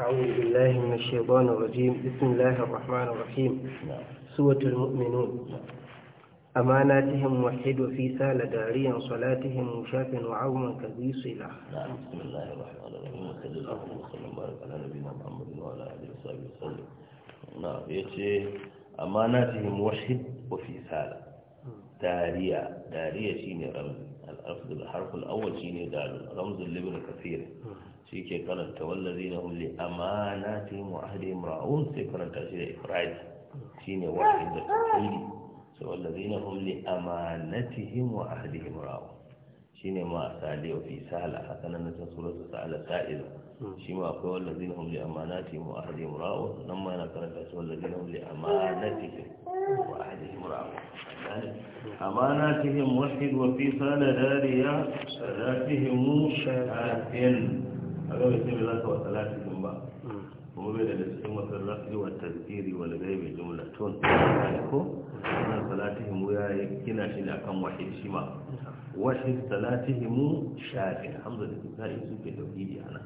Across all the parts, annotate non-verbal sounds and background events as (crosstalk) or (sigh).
أعوذ بالله من الشيطان الرجيم بسم الله الرحمن الرحيم سورة المؤمنون أماناتهم وحد في سال داريا صلاتهم مشاف وعوما كذي صلة نعم بسم الله الرحمن الرحيم وصلى الله وسلم وبارك على نبينا محمد وعلى آله وصحبه وسلم نعم يتي أماناتهم وحد وفي سال داريا داريا شيني رمز الأفضل الحرف الأول شيني دار رمز لابن كثير shi ke karanta wallazi na hulli amana ce mu'ahdi imra'un sai karanta shi da ifradi shi ne wahid da tafsiri sai wallazi na hulli amanatihim wa ahdi imra'un shi ne ma a sale wa fi sala haka nan na sura ta sala sa'ila shi ma akwai wallazi na hulli amanatihim wa ahdi imra'un nan ma yana karanta shi wallazi na hulli amanatihim wa ahdi imra'un amanatihim wahid wa fi sala dariya salatihim shafin a ga mai sai za ka wa salati din ba kuma bai daga cikin masar rafi wa tazkiri wal jumla tun ko wannan salatihim ya kina shi da kan wahid shi ma salatihin mu shafi hamza da sai su ke tauhidi ana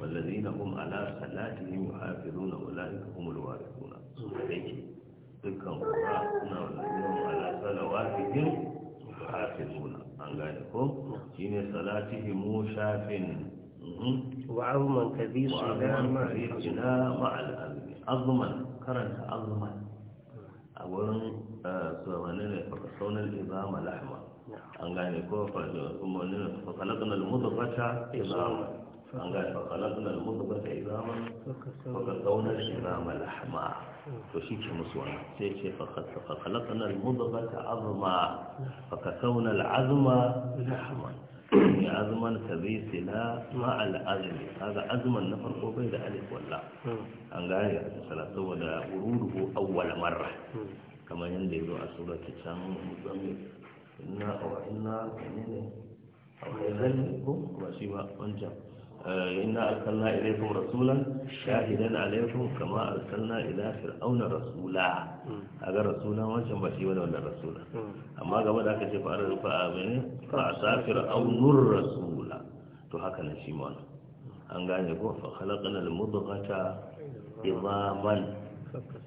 والذين هم على صلاتهم يحافظون أولئك هم الوارثون صحيح تلك القرآن والذين هم على صلواتهم يحافظون أن قالكم إن صلاتهم شاف وعظما كبير لا وعلى أظمن كرنت أظمن أقول آه، سوانين فقصون الإمام لحما نعم. أن قال يكون فخلقنا المضغة إماما أن قال فخلقنا المضغة إماما فقصون الإمام لحما وشيك نعم. مسوانا سيك فخلقنا المضغة عظما نعم. فكسونا العظم لحما ya azman ka zai sila ma azumi, kaga azman na farko bai da alif walla an gane a tsara saboda ko awwal marra kamar yadda ya zo a suratul samu musamman inna wa inna ne ne a ne ko ba shi ba wancan Eh, inna arsalna ilaykum rasulan shahidan alaykum kama arsalna ila fir'auna rasula hmm. aga rasulan wancan ba shi bane wannan rasula hmm. amma gaba da aka ce fa arfa amene fa asa fir'aunur rasula to haka nan shi mana. an gane ko fa khalaqna al-mudghata idaman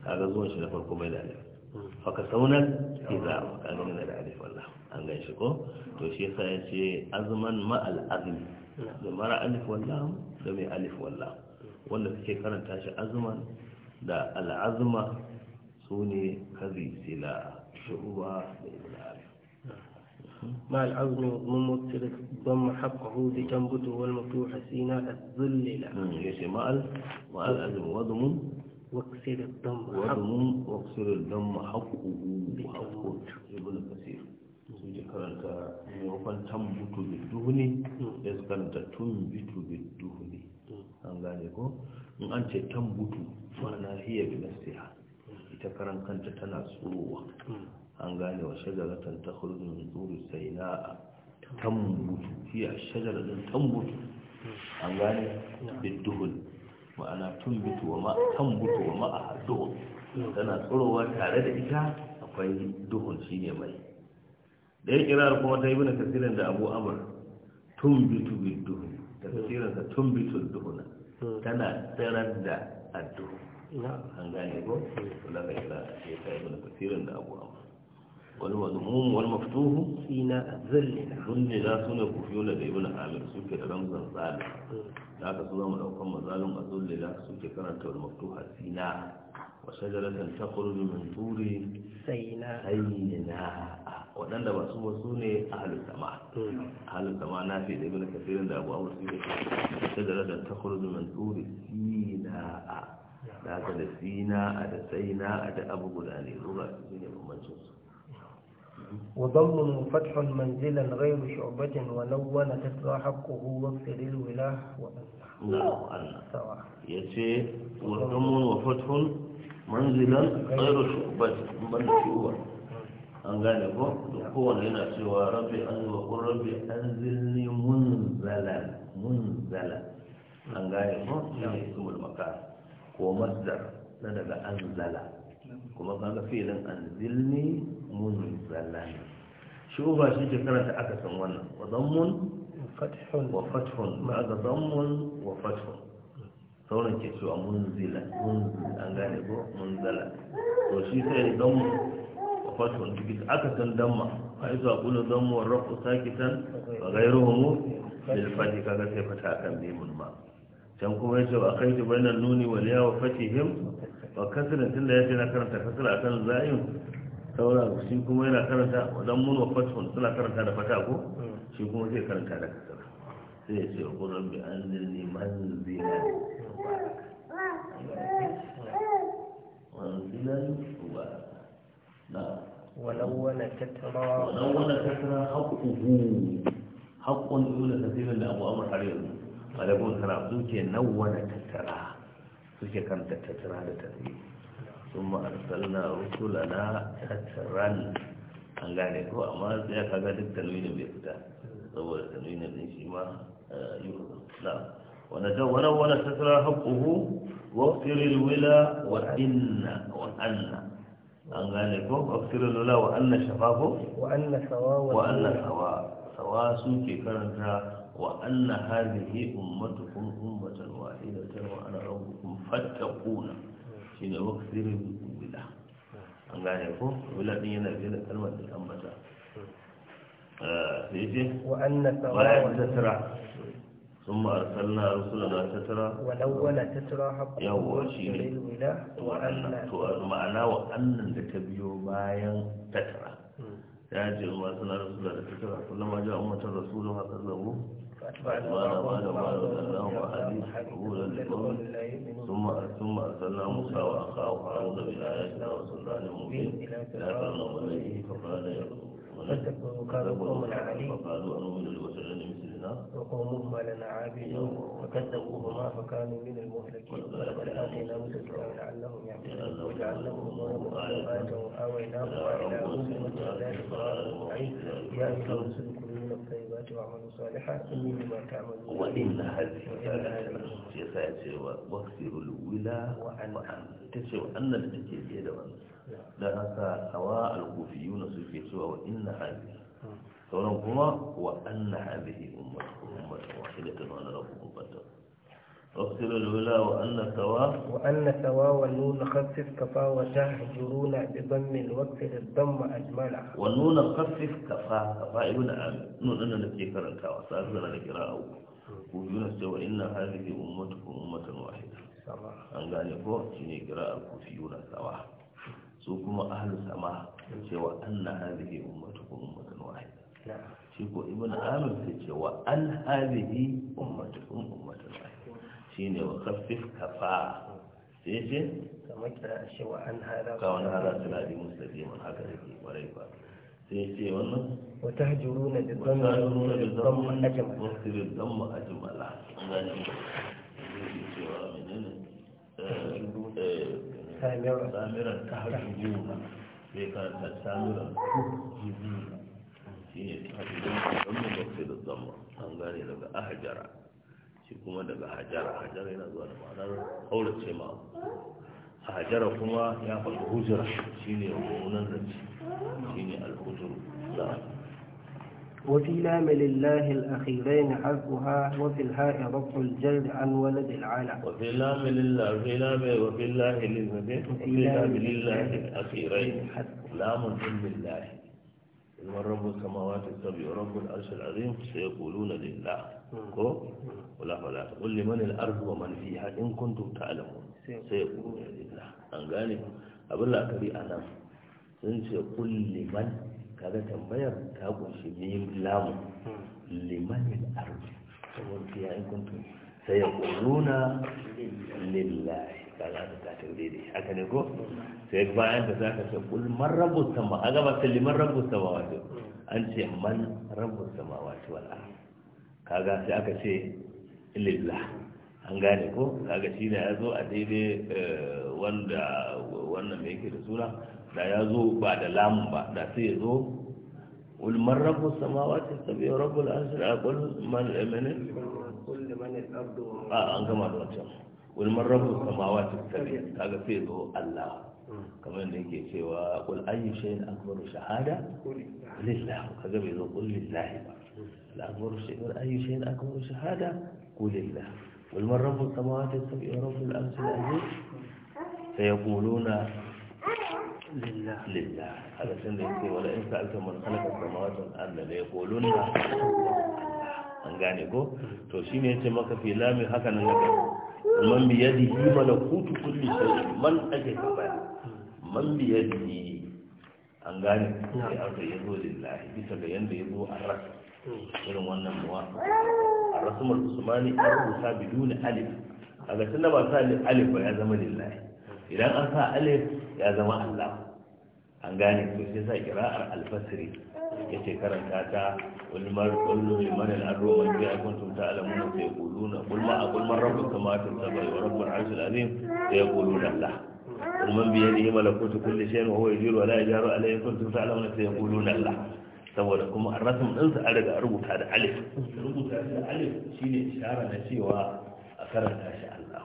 kaga zuwan shi na farko bai da alif hmm. fa kasawna idam kaga ne da alif wallah an gane shi ko to shi yasa yace azman ma al-azmi da mara alif wallahu da mai alif wallahu wanda suke karanta shi azuman da al'azuma su ne kazi sila shu'uba da ibn alif مع العظم ممثل ضم حقه بتنبت والمفتوح سينا الذلل يا مع مع العظم وضم واكسر الضم وضم واكسر الضم حقه hudu ibn كثير sun ji karanta maimakon tambutu bidduhuni ya hmm. su karanta tun bitu bidduhuni an gane ko in an ce tambutu na hiyar nasiha ita karan kanta tana tsohuwa hmm. an gane wa shajaratan ta hulun zuru sai na tambutu hiyar shajaratan tambutu hmm. an gane bidduhuni ma'ana tun bitu wa ma tambutu wa ma'a duhun tana tsohuwa tare da ita akwai duhun shi ne mai yin kirar kuma ta yi na tafsirin da abu amur tumbitu bidduhu tafsirin sa duhu na tana tsarar da adduhu an gane ko kula ga kira ya ta na tafsirin da abu amur wani mazmum wani maftuhu sina za su ne sune kufiyuna da ibn amir suke da ramzan zalim hmm. da aka su zama daukan mazalum za su suke karanta wal maftuha sina وشجرة تخرج من طور سيناء waɗanda ba wasu ne a halin sama a halin sama na fi da ibina da abuwa wasu ne shajarar da ta kurzu min turi sina'a da aka da sina'a da da abu guda فتح منزلا غير شعبة ونون تترى حقه واغفر الولاة وأنه الله يسير وضم وفتح manzilan tsayar shubat in ban da an gane ko da kowane yana cewa rabbi an zuwa kun rabbi an zilni munzala munzala an gane ko shi ne ismul maka ko masdar na daga anzala kuma kaga filin an zilni munzala shuba shi ke karanta aka san wannan wa zammun wa fathun ma ga zammun wa fathun sauran ke cewa munzila munzila an gane ko munzala to shi sai don wafatun duk aka san damma a yi zuwa kuna don mu rafu sakitan ba gairu mu lil fati kaga sai fata akan nemun ma can kuma ya ce wa kai ta bayanan nuni wal ya wafatihim wa kasran ya ce na karanta kasra akan zayin sauran shi kuma yana karanta wadan mun wafatun suna karanta da fata ko shi kuma zai karanta da kasra sai ya ce wa qur'an bi anzilni man haƙuhu haƙun da kasirin da abu amur har yanzu suke nawwana tattara suke kan tattara da tasiri sun ma'arsalna na tattara an gane ko amma sai aka ga duk talwini bai fita saboda talwini din shi ma yi na wani wani tattara haƙuhu wa firin wila wa inna wa anna an gane ko aksirul lula wa anna shafafo wa anna sawa wa anna sawa su ke karanta wa anna ummatu kun ummatan wahidatan wa ana kuna. fattaquna shine aksirul lula an gane ko lula din yana da kalmar da ambata hmm. eh sai ce wa anna sawa wa anna ثم أرسلنا رسلنا تترى ولولا تترى حق يوشي شيء وأن لك وأن لتبيو بايا تترى يأتي أرسلنا رسلنا رسولنا تترى كلما جاء أمة الرسول هذا الله ثم ثم أرسلنا موسى وأخاه هارون بآياتنا وسلطان مبين إلى فرعون وملئه فقال يا رسول فقالوا أنؤمن للوثنين نعم. وقومهما لنا عابدون فكذبوهما فكانوا من المهلكين ولقد آتينا موسى الكتاب لعلهم يهتدون وجعلناهم مريم آية وآويناهم إلى موسى ذلك قرار معين يا أيها الرسل كلوا من الطيبات واعملوا صالحا إني بما تعملون وإن هذه الآية واكثروا الولا وأن تسوى أن التي بيد وأن نعم. لا أتى سواء الكوفيون سوف يسوى وإن هذه نعم. sauran kuma wa anna hadhihi ummatukum ummatan wahidatan wa ana rabbukum fattaqun واغسل الولا وأن سوا وأن سوا والنون خفف كفا وتهجرون بضم الوقت الضم أجمل والنون خفف كفا كفا ابن an gane ko shi ne kira'ar kufiyuna sawa su kuma ahalus sama cewa an na shi ko ibn amir sai ce wa an hadhihi ummatukum ummatan shine wa khaffif kafa sai ce kamar kira shi wa an hada ka wani hada sirati mustaqiman haka da ke kwarai ba sai ce wannan wa tahjuruna bi dhamma ajmal wa sirri dhamma ajmala ngani cewa menene eh, eh, samiran tahjuruna sai ka samiran tahjuruna shine tahajjudun zamma tafsir zamma an gane daga ahjara shi kuma daga hajara hajara yana zuwa da ma'anar haurace ma hajara kuma ya faɗi hujura shine mummunan zance shine al da وفي لام لله الأخيرين حذفها وفي الهاء رفع الجلد عن ولد العالم وفي لام لله وفي لام وفي الله وفي لام لله الأخيرين لام لله ورب السماوات السبع ورب العرش العظيم سيقولون لله كو ولا فلا لمن الأرض ومن فيها إن كنتم تعلمون سيقولون لله أن قال أبو الله كبي أنا سنسي قل لمن كذا تنبير تقول شميم لام لمن الأرض ومن فيها إن كنتم سيقولون لله ka za ta ta daidai haka ne ko sai bayan da za ka ce kul man rabbus sama a gaba sai liman rabbus wato an ce man rabbus sama wato wala kaga sai aka ce lillah an gane ko kaga shi ne ya zo a daidai eh, wanda wannan mai yake da suna da ya zo ba da lamun ba da sai ya zo kul man rabbus wato sabi rabbul arsh qul man amana kul man al-ardu a an gama da wannan qul man rabbus samawati sabi kaga sai zo Allah hmm. kamar da yake cewa qul ayyu shay'in akbaru shahada lillah kaga bai zo qul lillahi ba hmm. shahada qul lillah qul man rabbus samawati sabi لله لله هذا سند يقول ولا إن من خلق السماوات والأرض ليقولون an gane ko to shi ne ce maka filami haka nan daga man biyadihi malakutu kulli shay'in man ajaba man biyadihi an gane sai aka yazo lillahi bisa ga yanda yazo a rasu irin wannan muwa. a rasumar usmani an rubuta biduni alif a tunda ba sa alif ba ya zama lillahi idan an sa alif ya zama allah an gane to sai sa kira'ar alfasiri yace karanta ta wal mar kullu liman al arru man ja'a kuntum ta'lamuna fa yaquluna qul la aqul man rabbuka kama tasabbu wa rabbul arshil azim fa yaquluna allah qul man bi yadihi malakutu kulli shay'in wa huwa yajiru wa la yajaru alayhi kuntum ta'lamuna fa yaquluna allah saboda kuma rasul din sa an riga rubuta da alif rubuta da alif shine isharar na cewa a karanta shi allah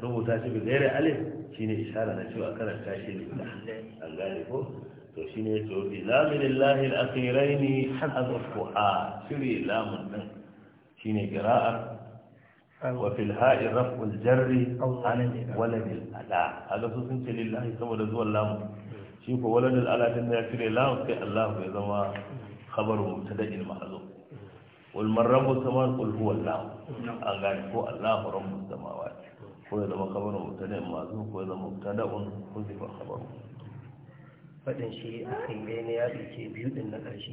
rubuta shi bi gairi alif shine isharar na cewa a karanta shi ne an gane ko to shi ne to bi lamin lahi al'akirai ne hazar fuha cire lamun nan shi ne gira'ar wafil ha'in rafin jarri an waladin ala a ga sun ce lillahi saboda zuwan lamun shi ko waladin ala din da ya cire lamun sai allah ya zama khabaru mutada'il mahzuf walmar rabu sama kul huwa allah an gane ko allah rabu samawati ko ya zama khabaru mutada'il mahzuf ko ya zama da'un, ko mutada'un huzifa khabaru faɗin shi a khairai ne ya ɗauke biyu ɗin na ƙarshe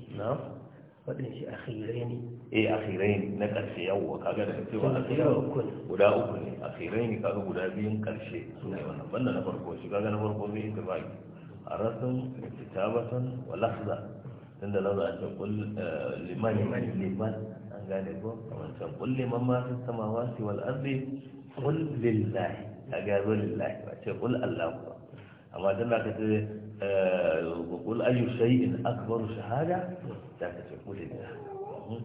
faɗin shi a khairai ne eh a khairai ne na ƙarshe yawwa kaga da cewa a khairai guda uku ne a khairai ne kaga guda biyun ƙarshe su ne wannan banda na farko shi kaga na farko zai yi tabai a rasin kitabatan wa lafza da lafza a can eh, kul liman liman an gane ko a can kul liman ma fi samawati wal ardi kul lillahi kaga zo lillahi ba ce kul allah ba amma dan da ka ce يقول آه، أي شيء أكبر شهادة ذاك تقول الله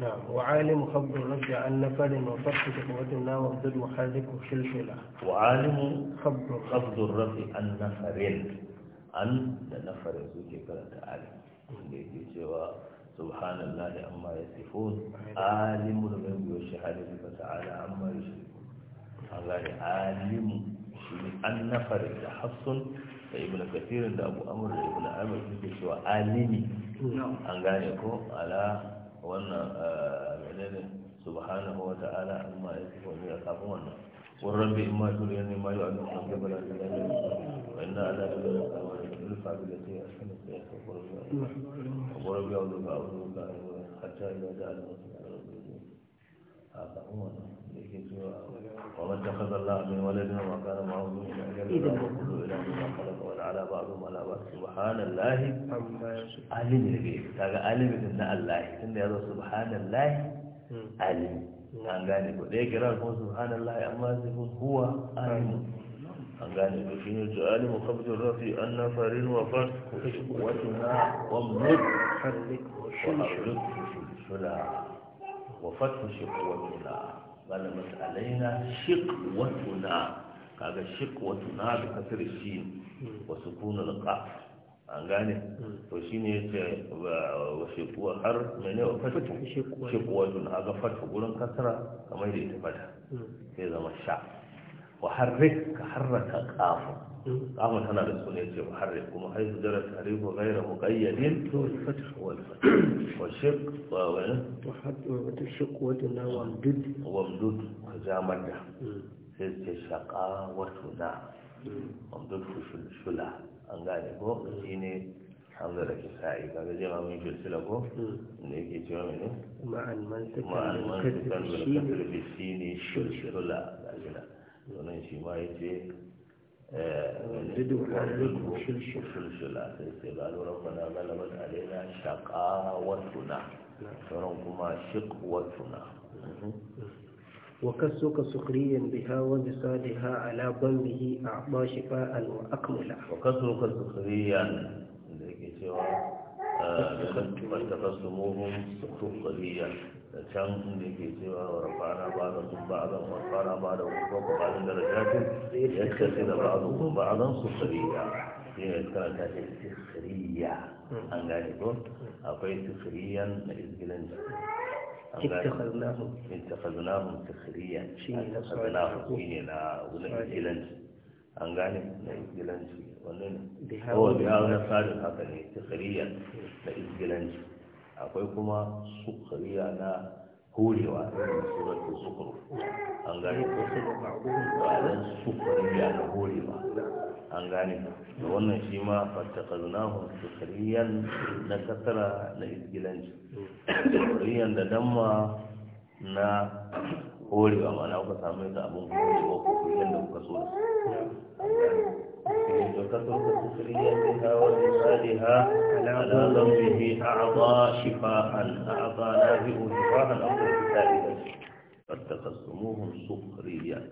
نعم وعالم خبر رجع عن نفر وفرق تقوتنا وفضل وحرك وشلشلة وعالم خبر خفض الرفع عن نفر عن نفر يزوجي كلا تعالم اللي يجوا سبحان الله عما يصفون عالم الغيب والشهادة فتعالى عما يشركون الله عالم عن نفر تحصن da ibn kathir da abu amr da ibn amr suke cewa alimi an gane ko ala wannan eh, menene subhanahu wa ta'ala amma yake ko wani ka kafin wannan wurin bi imma ma yi da wa inna ala da zai kama da da ta wurin ba da alamun haka umar da ke cewa wa man takhadha Allah min waladin wa kana ma'ahu min ajalin wa kullu ilahin ma khalaqa wa ala ba'dhum ala ba'd subhanallahi alim ne na Allah tunda yazo subhanallahi alim an gane ko dai kira ko subhanallahi amma sai huwa alim an gane da shi ne jihali mukabdin rafi an na farin wa fas wata na wamnat wa wa fatu shiqwatuna malamat alaina shiqwatuna kaga shiqwatuna da kasar shi wa sukunul qaf an gane to shine yace wa shiqwa har mene wa fatu shiqwatuna kaga fatu gurin kasara kamar da ita fata hmm. sai zama sha وحرك حرك قاف قاف هنا للسنية وحرك ومحيث جرى التحريف غير مقيد والفتح والفتح (coughs) والشق والشق ودنا وامدد وامدد وزامد sai shaƙa wato na abdul shula an gane ko shi ne hamza da kisa'i kaga zai mamun shulshula ko da yake ne ma'an man sukan da shi ne shulshula ga shula sannan shi ma ya ce shulshula sai sai gano rabbana galabat alaina shaqawatuna sauran kuma shiqwatuna وكسك سخريا بها وبصالها على ضمه أعطى شفاء وأكملا وكسك ke cewa? ما تقسموهم سخرية كان يكي سوى ورفعنا بعضكم بعضا ورفعنا بعضكم فوق بعض درجات يتخذ بعضكم بعضا سخرية هي كانت سخرية أن يقول أقول سخريا إذن اتخذناهم اتخذناهم سخريا اتخذناهم شيء لا ولا إذن أن wannan biyar wani tsarin haka ne ta tsariya na isgilanci akwai kuma sukariya na horewa irin suratun sukuru an gane ko su sukariya na horewa an gane da wannan shi ma su sukariyan na kasara na isgilanci sukariyan da damma na horewa mana kuka samu yadda abin horewa ko kuka so da su وكثرة بها وجمالها على ذنبه أعضى شفاء أعضى نافع شفاء الأمر الثالثة فاتخذتموهم سخريا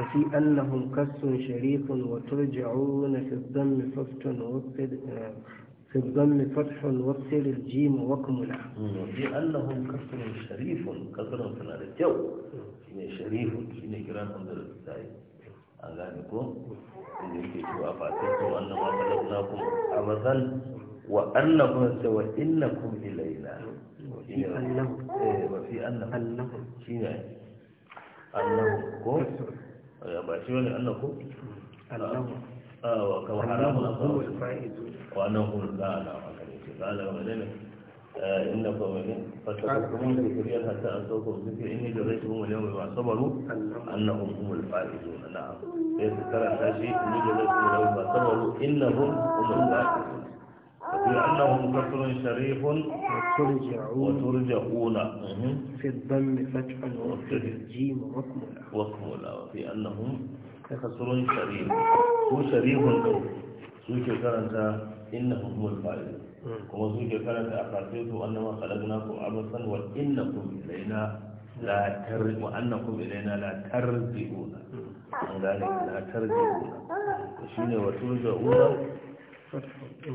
وفي أنهم كس شريف وترجعون في الضم فتح وقد في الضم فتح وكسر الجيم وكملة وفي أنهم كسر شريف كسر في الجو شريف شنو كرام عند الثالث an gane ko inda yake cewa fatin to wannan ma kalabna kun amazan wa annakum wa kun ilaina shine wa fi annakum shine annakum ko ba shi wani ko? annakum ah, wa kama haramun wa annan annakum la'ana wa ne? إنكم فتكون ذكريا حتى أتوكم ذكري إني جزيتهم اليوم بما صبروا أنهم هم الفائزون نعم إذ إيه، ترى شاشي إني جزيتهم اليوم بما صبروا إنهم هم الفائزون وفي أنهم كفر شريف وترجعون في الضم فتح وفي الجيم وكملا وكملا وفي أنهم كفر شريف هو شريف سوى كرنتا إنهم هم الفائزون kuma su ke karanta a farfe su wannan ma kalaguna ko abasan wa inna kun ilaina la tarzi wa anna kun ilaina la tarzi una an gane la tarzi una shi ne wa turja una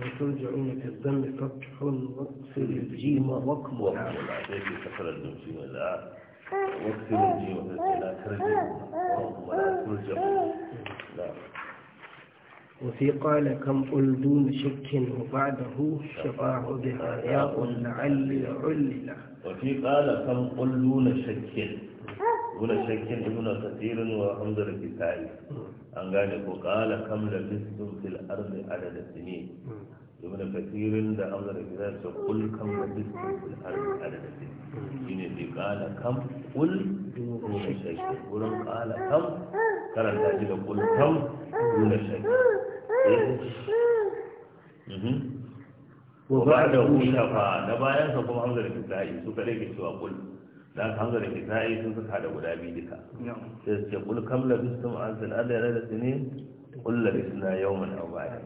وترجعون في الذنب فتح واكسر الجيم واكم ولا تجد كسر الجيم لا واكسر الجيم لا ترجعون ولا ترجعون لا وفي قال كم قل دون شك وبعده شفاه بها يا لعلي علل وفي قال كم قل دون شك دون شك دون كثير وحمد الكتاب أن قال وقال كم لبثتم في الأرض عدد السنين دون كثير وحمد الكتاب قل كم لبثتم في الأرض عدد السنين إن في قال كم قل دون شك قل قال كم كان الحاجة قل كم دون شك ko mm-hmm. ba da shafa na bayan sa kuma hamzar kisa'i su kare ke cewa kul dan hamzar kisa'i sun suka da guda biyu duka sai su ce kul kam la bisum an san Allah ya da sinin kul la bisna yawman aw ba'a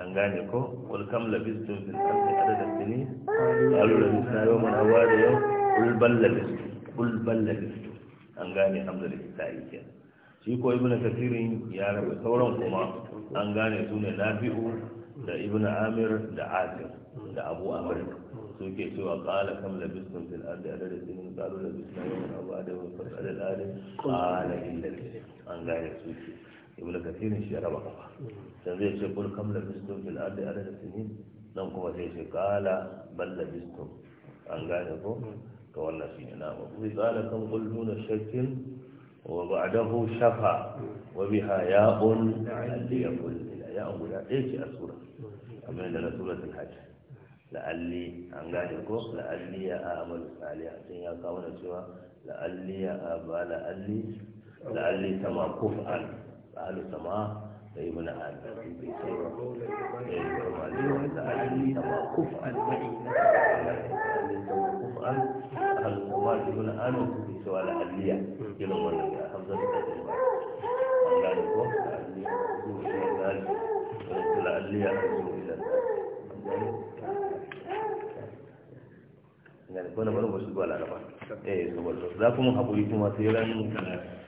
an gane ko kul kam la bisum fil ardi adada sinin qalu la bisna yawman aw ba'a kul bal la bisum kul bal la bisum an gane hamzar kisa'i kenan shi ko ibn kasirin ya rabu sauran kuma an gane su ne nafi'u da ibn amir da asir da abu amir su ke cewa kala kam labistum fil ardi adada sinin qalu labisna yawman abu adama fa qala al Kala qala illa an gane su ke ibn kasirin shi ya raba kafa dan zai ce kul kam labistum fil ardi adada sinin nan kuma sai ce kala bal labistum an gane ko to wannan shi ne na ba qala kam qul duna shakkin وبعده شفع وبها ياء لعلي يكون ياء غدا ايه في السوره كما ان سوره الحج لعلي ان غادي كو لعلي يا اعمل صالحا يا كاونا سوى لعلي يا ابا لعلي لعلي سما كفءا قالوا سما ابن ادم في سوره لعلي سما كفءا لعلي سما كفءا هل سما ابن ادم cewa la'alliya irin wannan ya hamza da ɗaya ba an gane ko ko zuwa ila zali kula la'alliya a zuwa ila zali gane ko na bari wasu zuwa ba eh su wasu za kuma haƙuri kuma sai ran